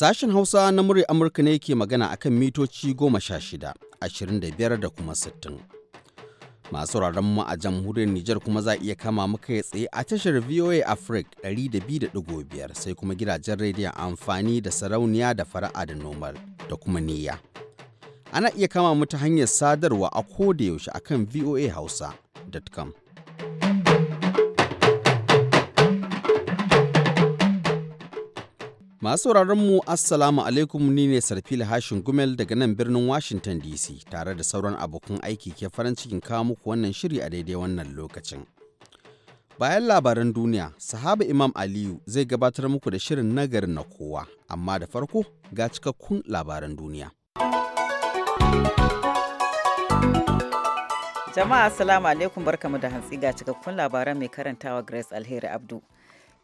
Sashen Hausa na murya Amurka ne ke magana kan mitoci goma sha shida, ashirin da biyar da kuma sittin. Masu mu a jamhuriyar Nijar kuma za iya kama muka tsaye a tashar VOA Africa 200.5 sai kuma gidajen rediyon amfani da sarauniya da fara'a da nomal da kuma niyya. Ana iya kama mu ta hanyar sadarwa a koda yaushe akan voahausa.com. Masu mu Assalamu alaikum ni ne Sarfila Hashin Gumel daga nan birnin Washington DC tare da sauran abokan aiki ke farin cikin kawo muku wannan shiri a daidai wannan lokacin. Bayan labaran duniya, sahaba Imam Aliyu zai gabatar muku da shirin nagarin na kowa, amma da farko ga cikakkun labaran duniya. Jama'a Assalamu alaikum barkamu da hantsi ga cikakkun labaran mai karantawa Grace Alheri Abdu.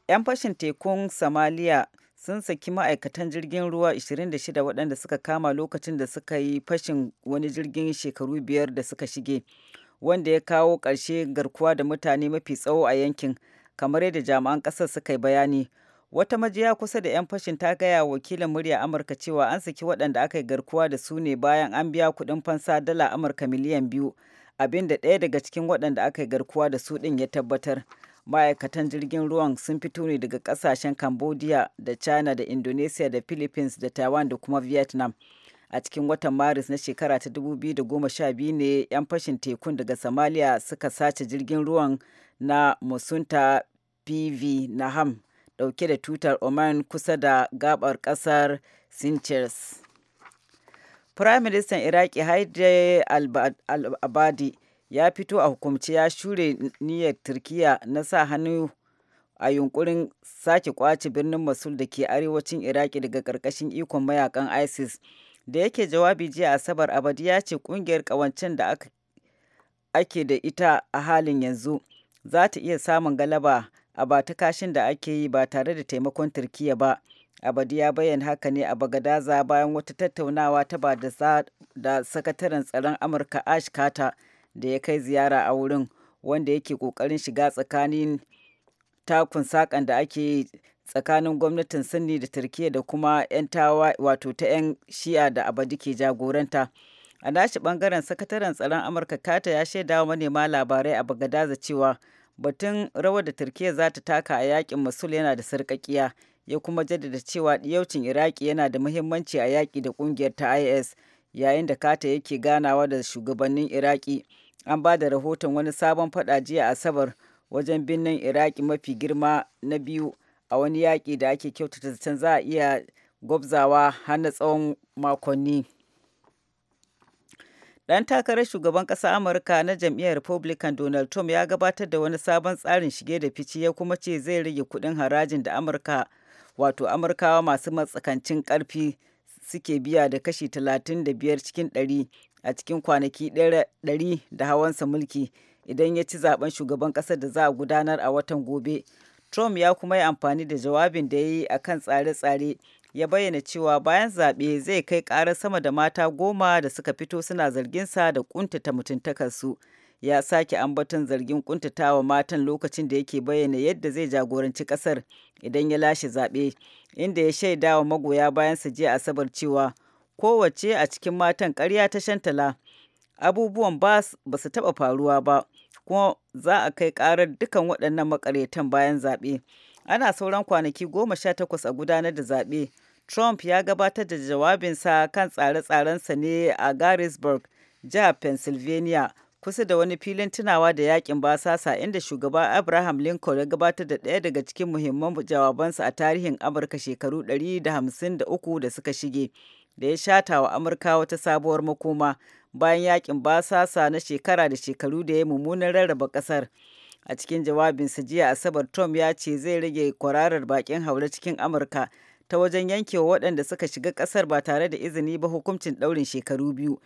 'Yan fashin tekun samaliya. sun saki ma'aikatan jirgin ruwa 26 waɗanda suka kama lokacin da suka yi fashin wani jirgin shekaru biyar da suka shige wanda ya kawo ƙarshe garkuwa da mutane mafi tsawo a yankin kamar yadda jami'an ƙasar suka yi bayani wata majiya kusa da 'yan fashin ta gaya wakilin murya amurka cewa an saki waɗanda aka yi garkuwa da su ne bayan an biya kuɗin fansa dala amurka miliyan biyu abinda ɗaya daga cikin waɗanda aka yi garkuwa da su ɗin ya tabbatar ma'aikatan jirgin ruwan sun fito ne daga kasashen cambodia da china da indonesia da philippines da taiwan da kuma vietnam a cikin watan maris na shekara ta 2012 ne 'yan fashin tekun daga somalia suka sace jirgin ruwan na musunta pv ham dauke da tutar oman kusa da gabar kasar sinchers prime ministan iraki haide al-abadi al abadi ya fito a hukumce ya shure niyyar turkiya na sa hannu a yunkurin sake kwace birnin masul da ke arewacin iraki daga karkashin ikon mayakan isis da yake jawabi jiya asabar abadi ya ce kungiyar kawancin da ake da ita a halin yanzu za ta iya samun galaba a bata kashin da ake yi ba tare da taimakon turkiya ba abadi ya bayyana haka ne a bagadaza bayan wata tattaunawa ta ba da sakataren tsaron amurka ash carter da ya kai ziyara a wurin wanda yake kokarin shiga tsakanin takun sakan da ake tsakanin gwamnatin sinni da turkiya da kuma 'yan tawa wato ta 'yan shi'a da abadi ke jagoranta a nashi bangaren sakataren tsaron amurka kata ya shaidawa manema labarai a bagadaza cewa batun rawar da turkiya za ta taka a yakin masul yana da sarkakiya ya kuma jaddada cewa diyaucin iraki yana da muhimmanci a yaki da kungiyar ta is yayin da kata yake ganawa da shugabannin iraki an ba da rahoton wani sabon fada jiya asabar wajen birnin iraki mafi girma na biyu a wani yaƙi da ake kyautata zaton za a iya gwabzawa har na tsawon makonni 'dan takarar shugaban ƙasa amurka na jam'iyyar republican donald trump ya gabatar da wani sabon tsarin shige da fice ya kuma ce zai rage kuɗin harajin da amurka wato amurkawa masu matsakancin karfi suke biya da kashi 35 cikin 100 a cikin kwanaki ɗari da hawansa mulki idan ya ci zaben shugaban ƙasar da za a gudanar a watan gobe. Trump ya kuma yi amfani da jawabin da ya yi a kan tsare-tsare ya bayyana cewa bayan zaɓe zai kai ƙarar sama da mata goma da suka fito suna zarginsa da ƙuntata mutuntakarsu. Ya sake ambaton zargin ƙuntatawa matan lokacin da yake bayyana yadda zai jagoranci ƙasar idan ya lashe zaɓe, inda ya shaidawa magoya bayansa jiya Asabar cewa Kowace a cikin matan karya ta shantala, abubuwan ba su taɓa faruwa ba, kuma za a kai ƙarar dukkan waɗannan maƙaryatan bayan zaɓe. Ana sauran kwanaki goma sha takwas a gudanar da zaɓe. Trump ya gabatar da jawabinsa kan tsare-tsarensa ne a Garrisburg, jihar Pennsylvania. kusa da wani filin tunawa da yakin basasa inda shugaba Abraham Lincoln ya gabatar da ɗaya daga cikin muhimman jawabansa a tarihin Amurka shekaru 153 da suka shige, da ya shata wa Amurka wata sabuwar makoma bayan yakin basasa na shekara da shekaru da ya mummunan rarraba ƙasar. A cikin jawabinsa jiya Asabar Trump ya ce zai rage kwararar bakin haure cikin Amurka ta wajen yankewa waɗanda suka shiga ƙasar ba tare da izini ba hukuncin ɗaurin shekaru biyu.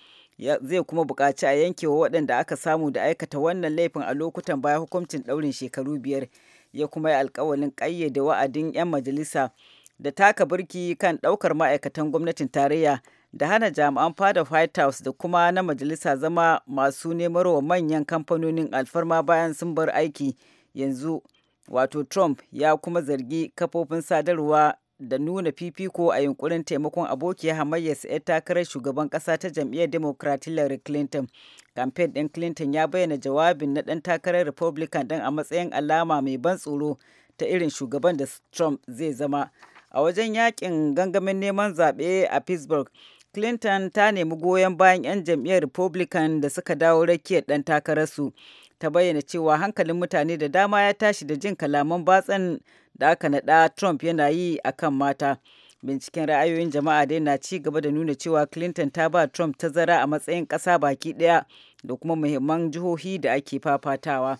Zai kuma buƙaci a yankewa waɗanda aka samu da aikata wannan laifin a lokutan baya hukuncin ɗaurin shekaru biyar. Ya kuma yi alkawalin ƙayyade wa'adin 'yan majalisa da taka birki kan ɗaukar ma'aikatan gwamnatin tarayya da hana jami'an fada White House da kuma na majalisa zama masu nemarwa manyan kamfanonin alfarma bayan sun bar aiki yanzu. Wato Trump ya kuma zargi kafofin sadarwa da nuna fifiko a yunkurin taimakon abokiyar hamayyarsa 'yar takarar shugaban kasa ta jam'iyyar democrat hillary clinton kamfen din clinton ya bayyana jawabin na dan takarar republican dan a matsayin alama mai ban tsoro ta irin shugaban da trump zai zama a wajen yakin gangamin neman zaɓe a pittsburgh clinton ta nemi goyon bayan 'yan jam'iyyar republican da suka dawo rakiyar ɗan takararsu ta bayyana cewa hankalin mutane da dama ya tashi da jin kalaman batsan da aka naɗa Trump yana yi a kan mata. Binciken ra'ayoyin jama'a dai na ci gaba da nuna cewa Clinton ta ba Trump tazara a matsayin ƙasa baki ɗaya da kuma muhimman jihohi da ake fafatawa.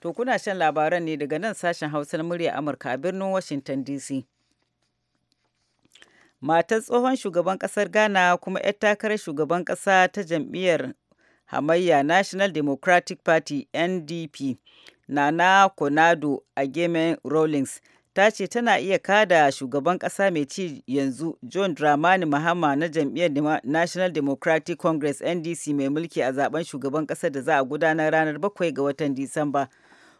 To kuna shan labaran ne daga nan sashen Hausa na murya Amurka a birnin Washington DC. Matar tsohon shugaban ƙasar Ghana kuma 'yar takarar shugaban ƙasa ta jam'iyyar hamayya National Democratic Party NDP Nana Konado a Gemen Rawlings ta ce tana iya kada shugaban kasa mai ci yanzu John Dramani Mahama na jam'iyyar National Democratic Congress NDC mai mulki a zaben shugaban kasar da za a gudanar ranar 7 ga watan Disamba.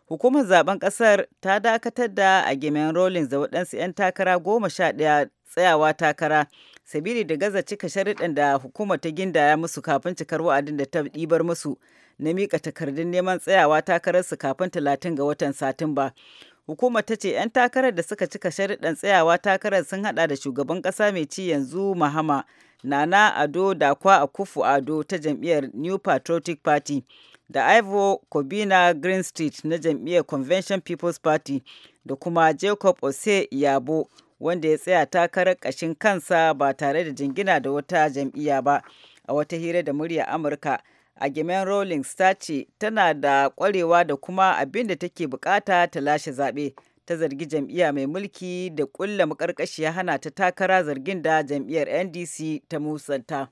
Hukumar zaben kasar ta dakatar da a Gemen Rawlings da waɗansu 'yan takara goma sha ɗaya tsayawa takara sabili da gaza cika sharuɗan da hukumar ta gindaya musu kafin cikar wa'adin da ta ɗibar musu na miƙa takardun neman tsayawa takarar su kafin talatin ga watan satumba hukumar ta ce 'yan takarar da suka cika shariɗan tsayawa takarar sun haɗa da shugaban ƙasa mai ci yanzu mahama nana ado da a kufu ado ta jam'iyyar new patriotic party da ivo kobina green street na jam'iyyar convention people's party da kuma jacob ose yabo wanda ya tsaya takarar ƙashin kansa ba tare da jingina da wata jam'iyya ba a wata hira da murya amurka agimen rolling ta ce tana da ƙwarewa da kuma abin da take bukata ta lashe zaɓe ta zargi jam'iyya mai mulki da ƙulla ya hana ta takara zargin da jam'iyyar ndc ta musanta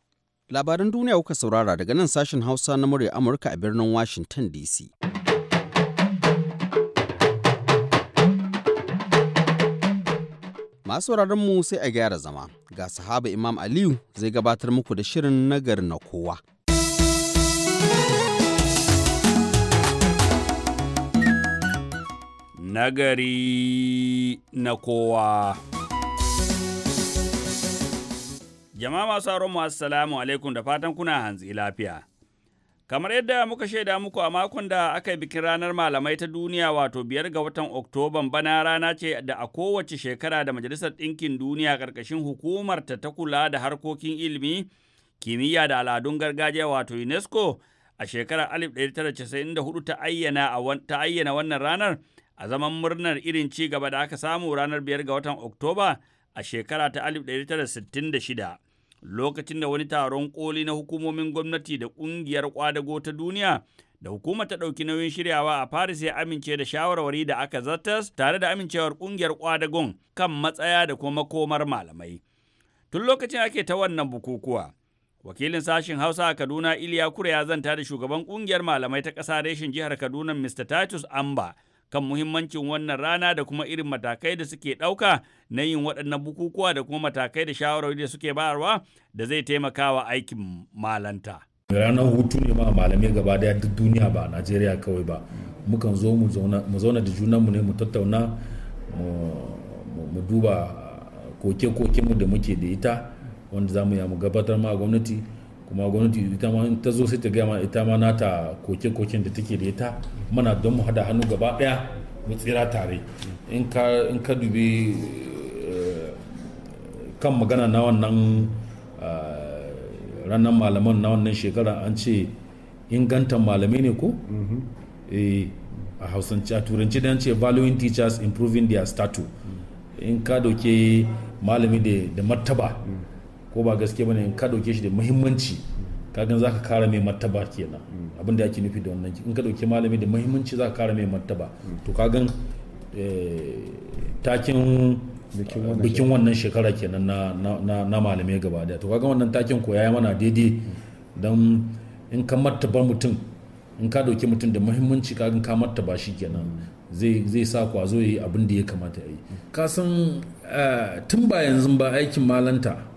labaran duniya kuka saurara daga nan sashen hausa na murya amurka a birnin washington dc Masu mu sai a gyara zama, ga sahaba Imam Aliyu zai gabatar muku da shirin nagar na kowa. Nagari na kowa. Jama'a masu mu assalamu alaikum da fatan kuna hanzi lafiya. Kamar yadda muka shaida muku a makon da aka yi bikin ranar malamai ta duniya wato biyar ga watan Oktoban bana rana ce da a kowace shekara da Majalisar Ɗinkin Duniya ƙarƙashin hukumar ta ta kula da harkokin ilimi, kimiyya da al'adun gargajiya wato UNESCO a shekarar 1994 ta ayyana ta ayyana wannan ranar a zaman murnar irin ci gaba da aka samu ranar biyar ga watan Oktoba a shekara ta 1966. lokacin da wani taron koli na hukumomin gwamnati da ƙungiyar kwadago ta duniya da hukumar ta ɗauki nauyin shiryawa a Paris ya amince da shawarwari da aka zartas tare da amincewar ƙungiyar kwadagon kan matsaya da kuma makomar malamai. Tun lokacin ake ta wannan bukukuwa, wakilin sashen Hausa a Kaduna Iliya Kure ya zanta da shugaban ƙungiyar malamai ta ƙasa reshen jihar Kaduna Mr. Titus Amba kan muhimmancin wannan rana da kuma irin matakai da suke ɗauka na yin waɗannan bukukuwa da kuma matakai da shawarwari da suke bayarwa da zai taimaka wa aikin malanta. ranar hutu ne ma malamai gaba daya duk duniya ba a najeriya kawai ba mukan zo mu zauna da junanmu ne mu tattauna mu duba koke-koke mu da muke da ita wanda za mu ya mu gabatar ma gwamnati kuma gwamnati ita ma ta zo sai ta gama ita ma nata koke-koken da take da ita mana don mu hada hannu gaba daya mu tsira tare in ka dubi eh, kan magana na wannan eh, ranar malaman na wannan shekara an ce inganta malami ne ko mm-hmm. eh, a hausance a turanci da ce valuing teachers improving their status mm. in ka doke malami da martaba mm. ko ba gaske bane ka dauke shi da muhimmanci ka za ka kara mai martaba kenan abin da yake nufi da wannan in ka dauke malami da muhimmanci za ka kara mai martaba to ka gan eh, takin bikin wannan shekara kenan na na na malamai gaba daya to ka gan wannan takin ko yayi mana daidai don in ka martaba mutum in ka dauke mutum da muhimmanci gan ka martaba shi kenan zai sa kwazo ya yi abin da ya kamata ya yi ka san eh, tun ba yanzu ba aikin malanta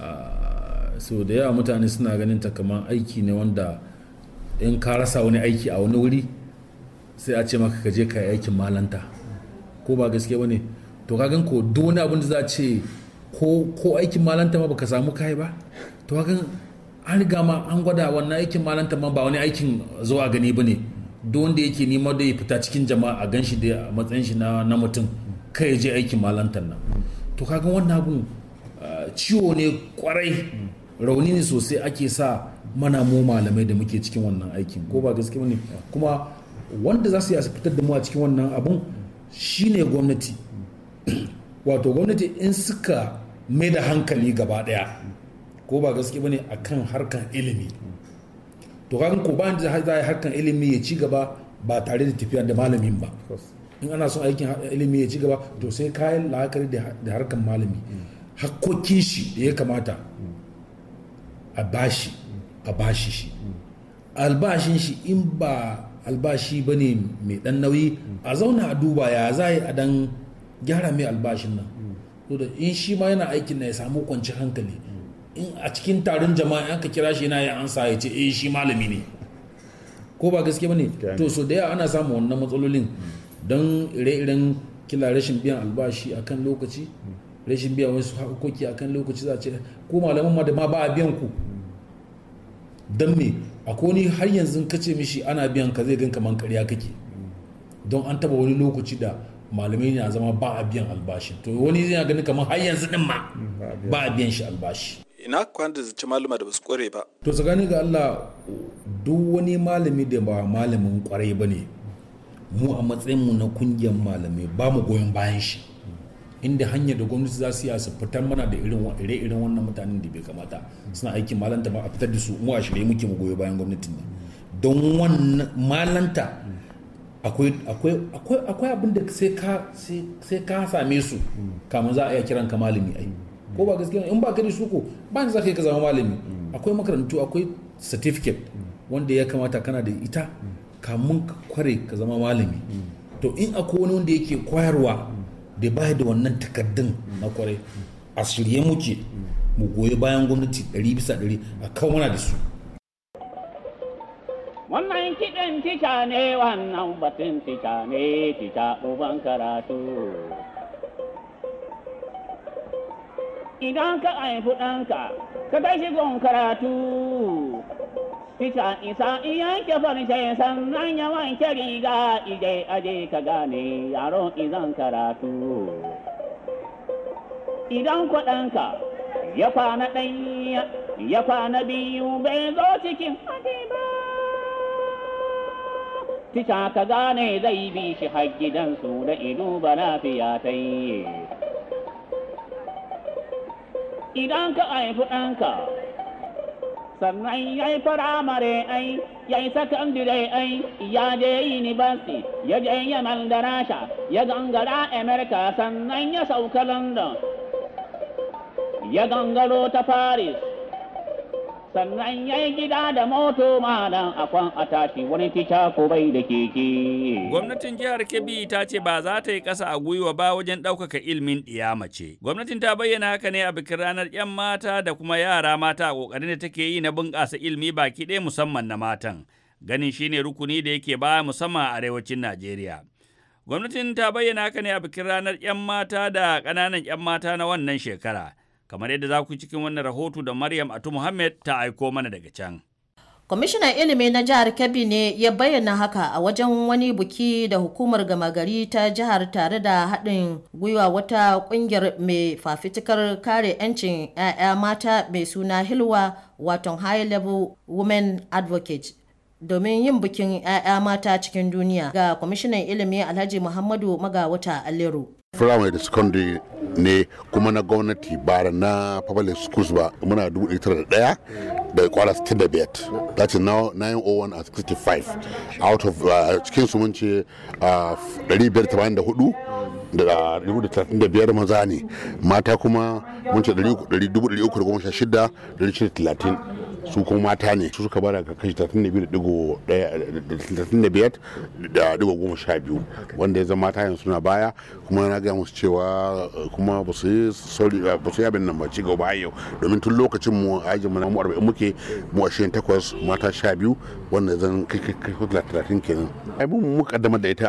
Ah, so da yawa mutane suna ganin ta kamar aiki ne wanda in ka rasa wani aiki a wani wuri sai a ce maka ka je ka yi aikin malanta ko ba gaske ba ne to ka ko duk wani abin da za a ce ko aikin malanta ma baka samu kai ba to gan an riga ma an gwada wannan aikin malanta ma ba wani aikin zuwa gani ba ne duk wanda yake nima da ya fita cikin jama'a a gan shi da matsayin shi na mutum kai je aikin malantar nan to ka gan wannan abin ciwo ne kwarai rauni ne sosai ake sa mana mu malamai da muke cikin wannan aikin ko ba gaske ne kuma wanda za su yi fitar da mu a cikin wannan abun shine gwamnati wato gwamnati in suka mai da hankali gaba daya ko ba gaske a akan harkar ilimi to kagan ko ba da za a harkar ilimi ya ci gaba ba tare da tafiya da malamin ba in ana son aikin ilimi ya ci gaba to sai kayan la'akari da harkar malami hakkokin shi da ya kamata a bashi a bashi shi albashin shi in ba albashi ba ne mai dan nauyi a zauna a duba ya za a dan gyara mai albashin nan da in shi ma yana aikin na ya samu kwanci hankali in a cikin taron jama'a in ka kira shi yana ya ansa ya ce eh shi malami ne ko ba gaske ba ne to so da yawa ana samun wannan matsalolin don ire-iren kila rashin biyan albashi akan lokaci rashin biya wasu hakoki kan lokaci za a ce ko malaman ma da ma ba a biyan ku don me a koni har yanzu ka ce mishi ana biyan ka zai gan kaman karya kake don an taba wani lokaci da malamai na zama ba a biyan albashi to wani zai ganin kamar har yanzu din ma ba a biyan shi albashi ina kwan da zuci malama da basu kware ba to tsakanin ga Allah duk wani malami da ba malamin kwarai ba ne mu a matsayin mu na kungiyar malamai ba mu goyon bayan shi inda hanyar da gwamnati za su yi su fitar mana da irin ire-iren wannan mutanen da bai kamata suna aiki malanta ba a fitar da su mu a shirye muke mu goyo bayan gwamnatin ne don wannan malanta akwai akwai abin da sai ka sai ka same su kamar za a iya kiran ka malami ai ko ba gaskiya in ba ka da su ko ba ni za ka yi ka zama malami akwai makarantu akwai certificate wanda ya kamata kana da ita kamun ka kware ka zama malami to in akwai wani wanda yake koyarwa da ba da wannan takardun na kwarai a shirye muke mu goyi bayan gwamnati ɗari bisa ɗari a kawo mana da su. Wannan kiɗin tica ne wannan batun tica ne tica ɗuban karatu. Idan ka haifi ɗanka, ka tashi karatu. Isa isa iya ke farce nan ya wanke riga ije aje ka gane yaro idan karatu. Idan kuɗanka ya kwana ɗaya ya kwana biyu bai zo cikin haɗe ba. ka gane zai bi shi har gidansu da ido ba lafiya ta yi. Idan ka haifi ɗanka sannan ya yi firamare ai ya yi sakandire ai ya je basi ya je yaman da rasha ya gangara america sannan ya sauka london ya gangaro ta paris sannan ya yi gida da moto malam akwan a tashi wani tica ko bai da keke. Gwamnatin jihar Kebbi ta ce ba za ta yi kasa a gwiwa ba wajen ɗaukaka ilimin ɗiya ce. Gwamnatin ta bayyana haka ne a bikin ranar 'yan mata da kuma yara mata a ƙoƙarin da take yi na bunƙasa ilimi baki ɗaya musamman na matan. Ganin shi ne rukuni da yake ba musamman a arewacin Najeriya. Gwamnatin ta bayyana haka ne a bikin ranar 'yan mata da ƙananan 'yan mata na wannan shekara. kamar yadda za ku cikin wannan rahoto da Maryam Atu Muhammad ta aiko mana daga can. Kwamishinan ilimi na jihar Kebbi ne ya bayyana haka a wajen wani buki da hukumar gama gari ta jihar tare da haɗin gwiwa wata ƙungiyar mai fafitikar kare 'yancin 'ya'ya mata mai suna Hilwa waton High Level Women Advocate. domin yin bikin 'ya'ya mata cikin duniya ga kwamishinan ilimi alhaji muhammadu magawata alero firamare da secondary ne kuma na gwamnati ba na public schools ba muna dubu ɗaya da kwara 65 that is now 901 at 65 out of uh, cikin su mun ce 584 uh, da 35 uh, maza ne mata kuma mun ce 316 da su kuma mata ne su suka bada kashi 32.15 wanda ya zama mata yanzu suna baya kuma na gaya musu cewa kuma ba su yi abin nan ba ci gaba yau domin tun lokacin mu ajin mu na mu 40 muke mu 28 mata 12 wanda zan kai 30 kenan ai mun kaddama da ita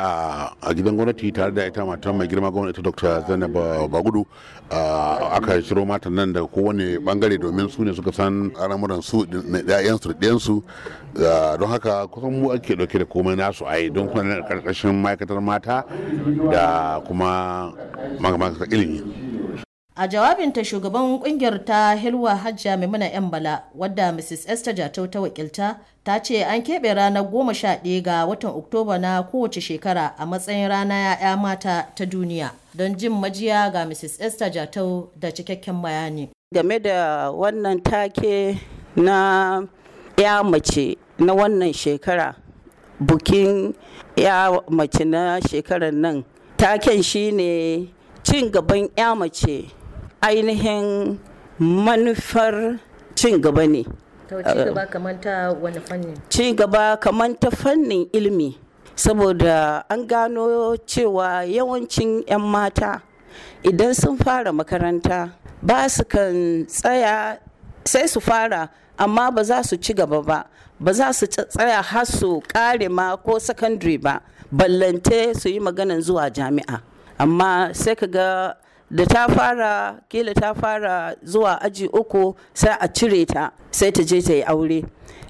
a gidan gwamnati tare da ita matan mai girma gwamnati Dr. Zainab Bagudu aka shiro matan nan da kowane bangare domin su ne suka san al'amuran su su da don haka kusan mu ake ɗauke da komai nasu a yi don kuma karkashin ma'aikatar mata da kuma ma'aikatar ilimi a jawabinta shugaban kungiyar ta hilwa hajja maimuna yan bala wadda mrs esther jatau ta wakilta ta ce an keɓe ranar goma sha ɗaya ga watan oktoba na kowace shekara a matsayin rana ya'ya mata ta duniya don jin majiya ga mrs esther jatau da cikakken bayani game da wannan take na ya mace na wannan shekara bukin ya mace na shekarar nan taken shine cin gaban ya mace ainihin manufar cin gaba ne eh, ci gaba kamar ta fannin ilimi saboda an gano cewa yawancin 'yan mata idan sun fara makaranta ba su kan tsaya sai su fara amma ba za su ci gaba ba ba za su tsaya har su kare ma ko secondary ba ballante su yi maganan zuwa jami'a amma sai ka ga da ta fara kila ta fara zuwa aji uku sai a cire ta sai ta je ta yi aure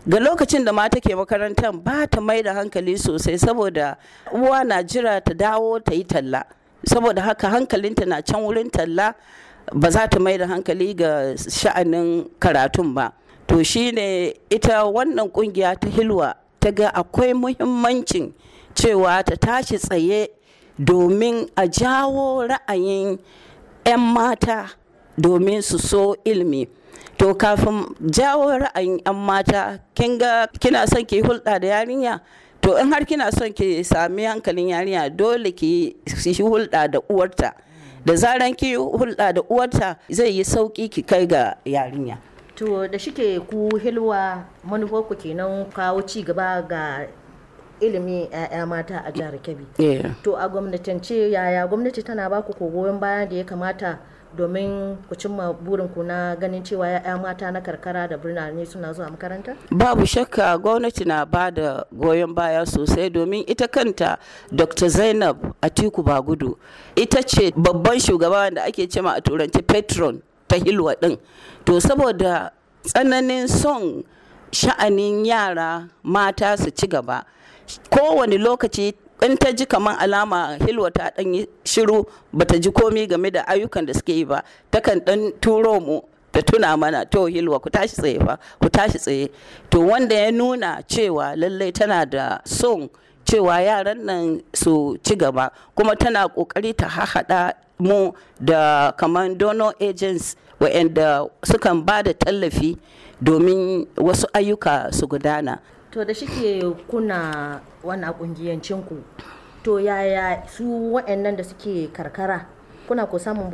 ga lokacin da mata ke makarantar ba ta mai da hankali sosai saboda uwa na jira ta dawo ta yi talla saboda haka hankalinta na can wurin talla ba za ta mai da hankali ga sha'anin karatun ba to shine ita wannan kungiya ta hilwa ta ga akwai muhimmancin cewa ta tashi tsaye domin a jawo ra'ayin 'yan mata domin su so ilimi to kafin jawo ra'ayin 'yan mata kina son ki hulɗa da yarinya to in har kina son ki sami hankalin yarinya dole ki yi hulɗa da uwarta da zaran ki hulɗa da uwarta zai yi sauƙi ki kai ga yarinya to da shike ku hilwa ku kenan kawo ci gaba ga ilimi 'ya'ya mata a jihar kebbi to a gwamnatance yaya gwamnati tana baku ko goyon baya da ya kamata domin ku cimma burin ku na ganin cewa 'ya'ya mata na karkara da birnin suna zuwa makaranta? Babu shakka gwamnati na ba da goyon baya sosai domin ita kanta Dr. Zainab Atiku Bagudu ita ce babban shugaba da ake cema a turanci patron ta hilwa din to saboda tsananin son sha'anin yara mata su ci gaba kowane lokaci in ta ji kamar alama hilwa ta dan yi shiru bata ji komi game da ayyukan da suke yi ba takan dan turo mu ta tuna mana to hilwa ku tashi tsaye fa ku tashi tsaye to wanda ya nuna cewa lallai tana da son cewa yaran nan su ci gaba kuma tana kokari ta hahada mu da kamar donor agents waɗanda sukan ba da tallafi domin wasu ayyuka su gudana to da shike kuna wannan kungiyancinku to yaya su waɗannan da suke karkara kuna ku samun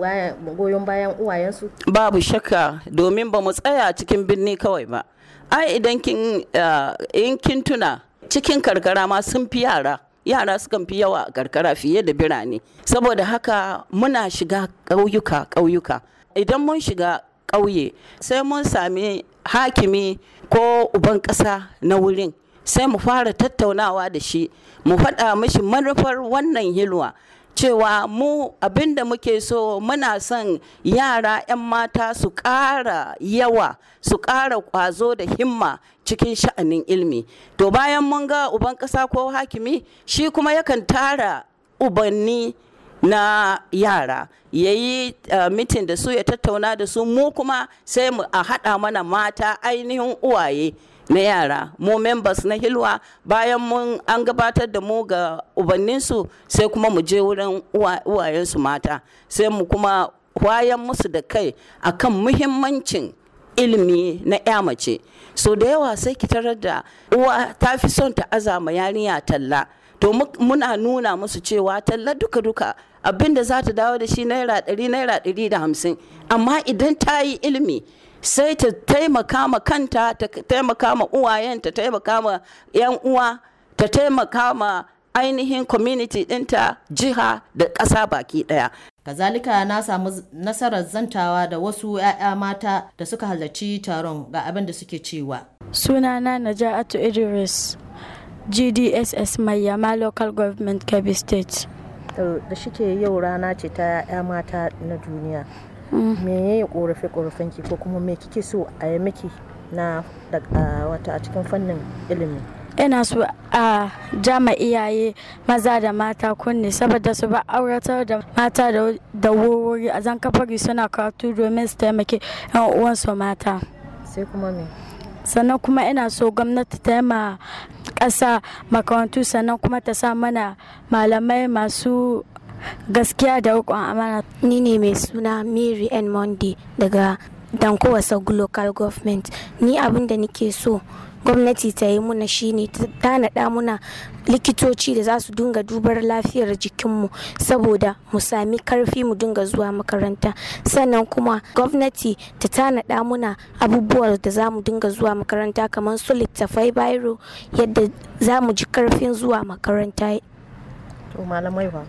goyon bayan uwayensu babu shakka domin ba mu tsaya cikin birni kawai ba ai idan kin eh, in kin tuna cikin karkara ma sun fi yara yara sukan fi yawa a karkara fiye da birane saboda haka muna shiga ƙauyuka ƙauyuka idan mun shiga ƙauye sai mun sami hakimi ko uban ƙasa na wurin sai mu fara tattaunawa da shi mu faɗa mishi manufar wannan hilwa cewa mu abinda muke so muna son yara 'yan mata su ƙara yawa su ƙara ƙwazo da himma cikin sha'anin ilmi to bayan mun ga uban ƙasa ko hakimi shi kuma yakan tara ubanni na yara ya yi uh, eh, mitin da su ya tattauna da su mu kuma sai a haɗa mana mata ainihin uwaye na yara mu members na hilwa bayan mun an gabatar da mu ga ubanninsu sai kuma mu je wurin uwayensu mata sai mu kuma wayan musu da kai akan muhimmancin ilimi na ya mace so da yawa sai ki tarar da uwa ta fi son ta azama yarinya talla to muna nuna musu cewa talla duka-duka abinda za ta dawo da shi naira ɗari naira ɗari da hamsin amma idan ta yi ilimi sai ta taimaka ma kanta ta taimaka ma uwayen ta taimaka ma 'yan uwa ta taimaka ma ainihin community dinta jiha da ƙasa baki ɗaya kazalika na samu nasarar zantawa da wasu 'ya'ya mata da suka halarci taron ga abin da suke cewa sunana naja'atu idris gdss mayama local government kebbi state da shike yau rana ce ta 'ya'ya mata na duniya me ya korafe korafen ko kuma me kike so a yi miki na wata a cikin fannin ilimi ina so a jama iyaye maza da mata kunne saboda su ba auratar da mata da wuri a zan kafari suna karatu domin su taimake yan uwansu mata sai kuma me sannan kuma ina so gwamnati ta ma ƙasa makarantu sannan kuma ta sa mana malamai masu gaskiya da rikon amana ni ne mai suna mary n monday daga dankowa local government ni abin da nike so gwamnati ta yi muna shine ta tanada muna likitoci da za su dinga dubar lafiyar jikinmu saboda mu sami karfi mu dinga zuwa makaranta sannan kuma gwamnati ta tanada muna abubuwan da za mu dinga zuwa makaranta kamar su littafai bairo yadda za mu ji karfin zuwa makaranta to malamai ba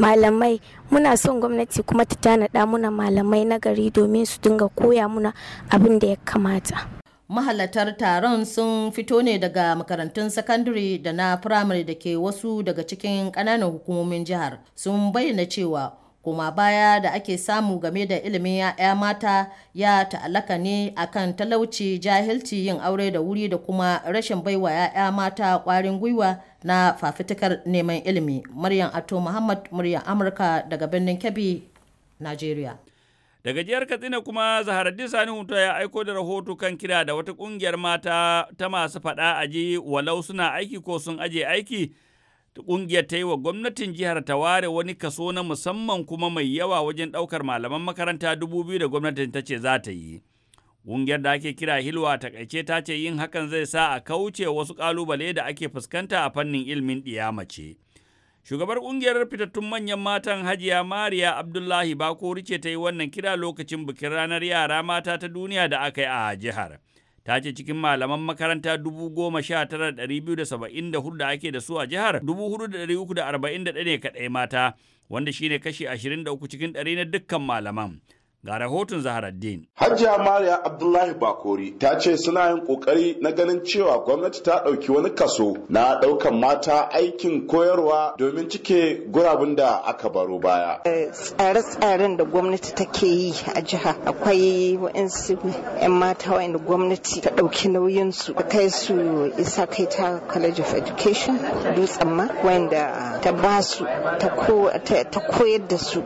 malamai muna son gwamnati kuma ta tanada muna malamai na gari domin su dinga koya muna abin da ya kamata mahalatar taron sun fito ne daga makarantun sakandare da na firamare da ke wasu daga cikin ƙananan hukumomin jihar sun bayyana cewa kuma baya da ake samu game da ilimin 'ya'ya mata ya ta'allaka ne akan talauci jahilci yin aure da wuri da kuma rashin baiwa 'ya'ya mata kwarin gwiwa na fafutukar neman ilimi maryam ato muhammad muryar amurka daga birnin kebbi nigeria daga jihar katsina kuma zaharaddin sani huta ya aiko da rahoto kan kira da wata kungiyar mata ta masu faɗa aji walau suna aiki ko sun aje aiki Ƙungiyar ta yi wa gwamnatin jihar ta ware wani kaso na musamman kuma mai yawa wajen ɗaukar malaman makaranta dubu biyu da gwamnatin ta ce za ta yi. Ƙungiyar da ake kira Hilwa ta ƙaice ta ce yin hakan zai sa a kauce wasu ƙalubale da ake fuskanta a fannin ilimin mace. Shugabar ƙungiyar fitattun manyan matan Hajiya Mariya Abdullahi Bakori ce ta yi wannan kira lokacin bikin ranar yara mata ta duniya da aka yi a jihar. ta ce cikin malaman makaranta sha 19,274 da ake da su a jihar ɗaya ne kaɗai mata wanda shine kashi 23 cikin ɗari na dukkan malaman ga rahoton zaharaddin hajjia mariya abdullahi bakori ta ce suna yin kokari na ganin cewa gwamnati ta ɗauki wani kaso na ɗaukan mata aikin koyarwa domin cike gurabun da aka baro baya tsare-tsaren da gwamnati take yi a jiha akwai wa'insu 'yan mata wa'inda gwamnati ta ɗauki nauyin su kai su isa kai ta college of education dutsen ma wa'inda ta ba su ta koyar da su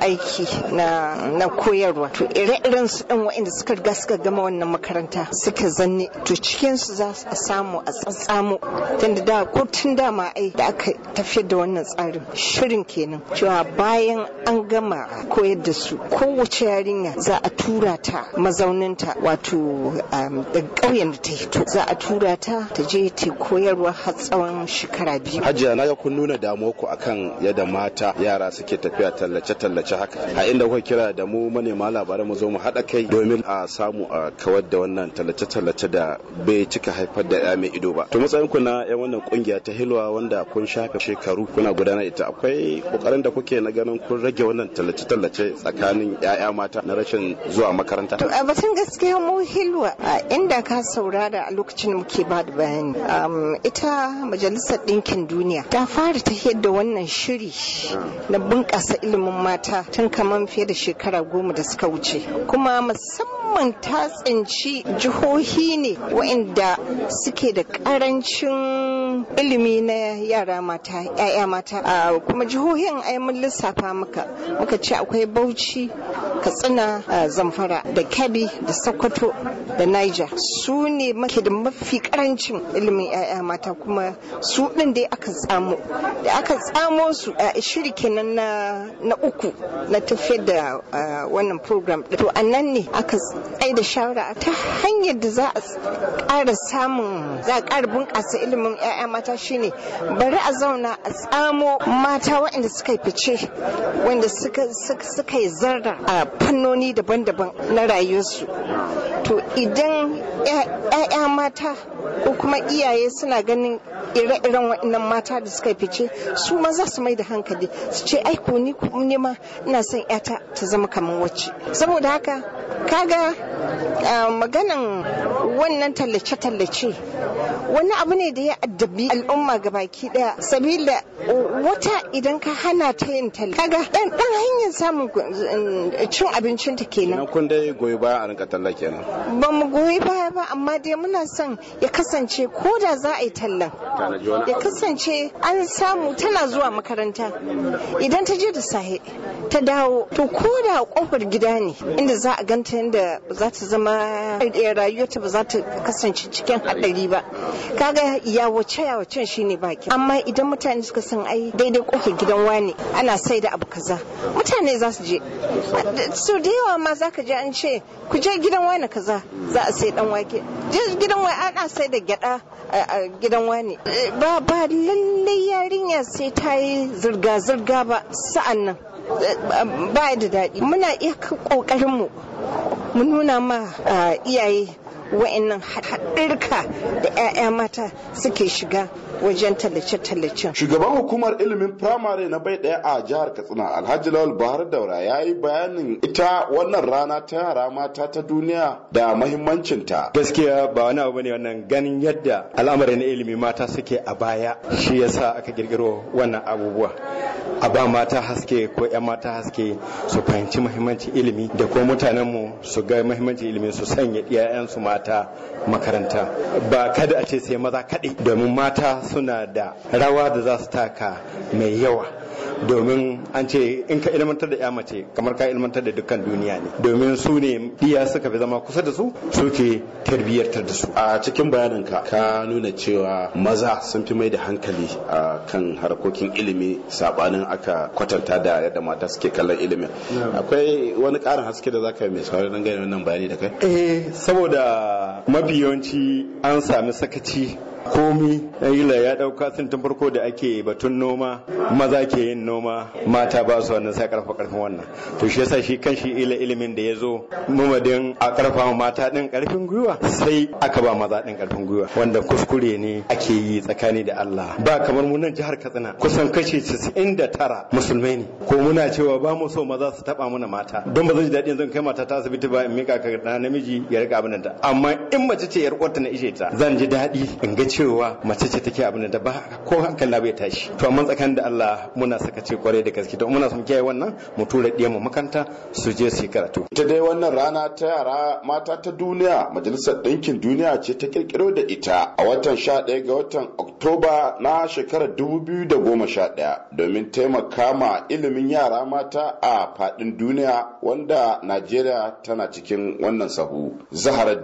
aiki na na koyarwa to ire-iren su ɗin waɗanda suka riga suka gama wannan makaranta suka zanne to cikin su za a samu a tsatsamu tunda da ko tun dama ai da aka tafiyar da wannan tsarin shirin kenan cewa bayan an gama koyar da su kowace yarinya za a tura ta mazauninta wato um, da ƙauyen da ta hito za a tura ta ta je ta koyarwa har tsawon shekara biyu hajiya na ga kun nuna damuwa ku akan yadda mata yara suke tafiya tallace-tallace haka a inda kuka kira da mu manema labarai mu zo mu haɗa kai domin a samu a kawar da wannan tallace-tallace da bai cika haifar da ya mai ido ba. To matsayin ku na yan wannan kungiya ta Hilwa wanda kun shafe shekaru kuna gudanar ita akwai kokarin da kuke na ganin kun rage wannan tallace-tallace tsakanin 'ya'ya mata na rashin zuwa makaranta. To a batun gaskiya mu Hilwa inda ka saurara a lokacin muke ba da bayani. ita majalisar ɗinkin duniya ta fara ta da wannan shiri ah. na bunƙasa ilimin mata tun kaman fiye da shekaru shekara goma da suka wuce kuma musamman tatsinci jihohi ne waɗanda suke da ƙarancin ilimi na yara mata yaya mata kuma jihohin ai mun lissafa muka muka ce akwai bauchi katsina zamfara da kebbi da sokoto da niger su ne maki da mafi karancin ilimin yaya mata kuma su din dai aka tsamo da aka tsamo su a shiri kenan na uku na tafiyar da wannan program to a nan ne aka tsaye da shawara ta hanyar da za a ƙara samun za a ƙara bunƙasa ilimin 'ya'ya mata shine bari a zauna a tsamo mata waɗanda suka fice wanda suka yi zarra a fannoni daban-daban na rayuwarsu to idan 'ya'ya mata ko kuma iyaye suna ganin ire-iren waɗannan mata da suka fice su ma za su mai da hankali su ce aiko ni ne ma ina son 'yata ta zama kamar wacce saboda haka kaga maganan wannan tallace-tallace wani abu ne da ya addabi al'umma baki daya sabila wata idan ka hana ta yin tallace kaga dan hanyar samun um, cin abincin ta kenan kun dai goyi bayan a rinka talla kenan ba mu goyi baya ba amma dai muna son ya kasance ko da za a yi tallan ya kasance an samu tana zuwa makaranta idan ta je da sahi ta dawo to ko da kofar gida ne inda za a ganta inda za ta zama eh, rayuwarta ba za ta kasance cikin haɗari ba kaga ya wace ya shi shine baki amma idan mutane suka san ai daidai kofar gidan wani ana sai da abu kaza mutane za su je so da yawa ma za ka je an ce ku je gidan wani ka kaza za a sai dan wake gidan wai ana sai da gyada a gidan wani eh, ba ba lallai yarinya sai ta yi zirga zirga ba sa'an nan eh, ba da daɗi muna iya kokarin mu mu nuna ma ah, iyaye wa'annan haɗirka da 'ya'ya mata suke shiga wajen tallace-tallacen. Shugaban hukumar ilimin firamare na bai ɗaya a jihar Katsina Alhaji Lawal Bahar Daura ya yi bayanin ita wannan rana ta yara mata ta duniya da mahimmancinta. Gaskiya ba wani abu ne wannan ganin yadda al'amarin na ilimi mata suke a baya shi yasa aka girgiro wannan abubuwa. A ba mata haske ko 'yan mata haske su fahimci mahimmancin ilimi da ko mutanenmu su ga mahimmanci ilimi su sanya 'ya'yansu mata ta makaranta ba kada a ce sai maza kaɗai domin mata suna da rawa da za su taka mai yawa domin an ce in ka ilmantar da ya mace kamar ka ilmantar da dukkan duniya ne domin su ne diya suka fi zama kusa da su suke tarbiyyartar da su a cikin bayanin ka ka nuna cewa maza sun fi mai da hankali a kan harkokin ilimi sabanin aka kwatanta da yadda mata suke kallon ilimi. akwai wani karin haske da za zaka mai saurari dangane wannan bayani da kai eh saboda mafi yawanci an sami sakaci komi ila ya dauka sun tun farko da ake batun noma maza ke yin noma mata ba su wannan sai karfa karfin wannan to shi yasa shi kanshi ila ilimin da ya zo mumadin a karfa mata din karfin gwiwa sai aka ba maza din karfin gwiwa wanda kuskure ne ake yi tsakani da Allah ba kamar mu nan jihar Katsina kusan kashi 99 musulmai ne ko muna cewa ba mu so maza su taba mana mata don ba zan ji daɗin zan kai mata ta asibiti ba in mika ka namiji ya rika abin da amma in mace ce yar uwarta na ishe ta zan ji daɗi in ga cewa mace ce take abin da ba ko hankali bai tashi to amma tsakanin da Allah muna saka ce kwarai da gaske to muna son kiyaye wannan mu tura diyan mu makanta su je su karatu ita dai wannan rana ta yara mata ta duniya majalisar ɗinkin duniya ce ta kirkiro da ita a watan 11 ga watan Oktoba na shekarar 2011 domin taimaka ma ilimin yara mata a faɗin duniya wanda Najeriya tana cikin wannan sahu.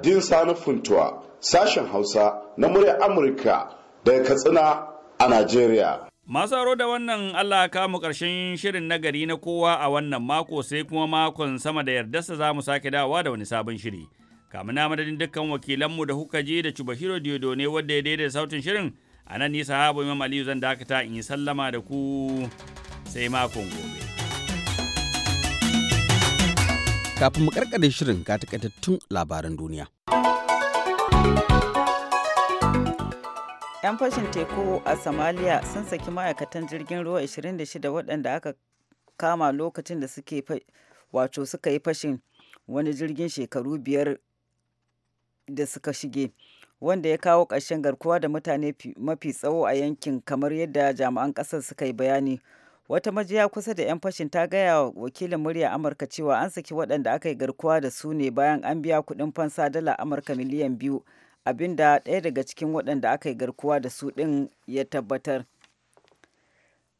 din Sani Funtuwa sashen hausa na murya amurka daga katsina a najeriya Masu da wannan Allah kamu karshen shirin nagari na kowa a wannan mako sai kuma makon sama da sa za mu sake dawa da wani sabon shiri. Kamun na madadin dukkan wakilanmu da kuka je da Cubashiro Diodo ne wadda ya daidai sautin shirin a nan nisa habu Imam Aliyu zan dakata in yi sallama da ku sai makon gobe. Kafin mu karkare shirin ga takaitattun labaran duniya. 'yan fashin teku a somalia sun saki ma'aikatan jirgin ruwa 26 waɗanda aka kama lokacin da suke wato suka yi fashin wani jirgin shekaru biyar da suka shige wanda ya kawo ƙarshen garkuwa da mutane mafi tsawo a yankin kamar yadda jami'an ƙasar suka yi bayani wata majiya kusa da 'yan fashin ta gaya wa wakilin murya amurka cewa an saki waɗanda aka yi garkuwa da su ne bayan an biya kuɗin fansa dala amurka miliyan biyu abinda ɗaya daga cikin waɗanda aka yi garkuwa da su ɗin ya tabbatar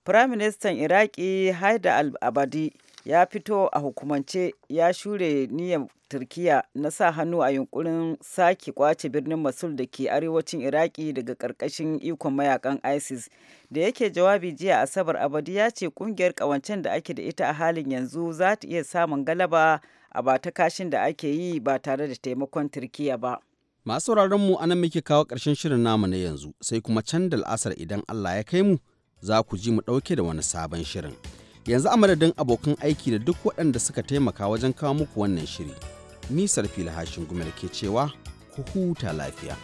firaministan iraki haida al-abadi ya fito a hukumance ya shure niyyar turkiya na sa hannu a yunkurin sake kwace birnin masul da ke arewacin iraki daga karkashin ikon mayakan isis da yake jawabi jiya asabar abadi ya ce kungiyar kawancen da ake da ita a halin yanzu za ta iya samun galaba a bata kashin da ake yi ba tare da taimakon turkiya ba masu mu a nan muke kawo ƙarshen shirin namu na yanzu sai kuma can da al'asar idan allah ya kai mu za ku ji mu ɗauke da wani sabon shirin. Yanzu a madadin abokan aiki da duk waɗanda suka taimaka wajen kawo muku wannan shiri. Nisar fili hashin gumel ke cewa ku huta lafiya.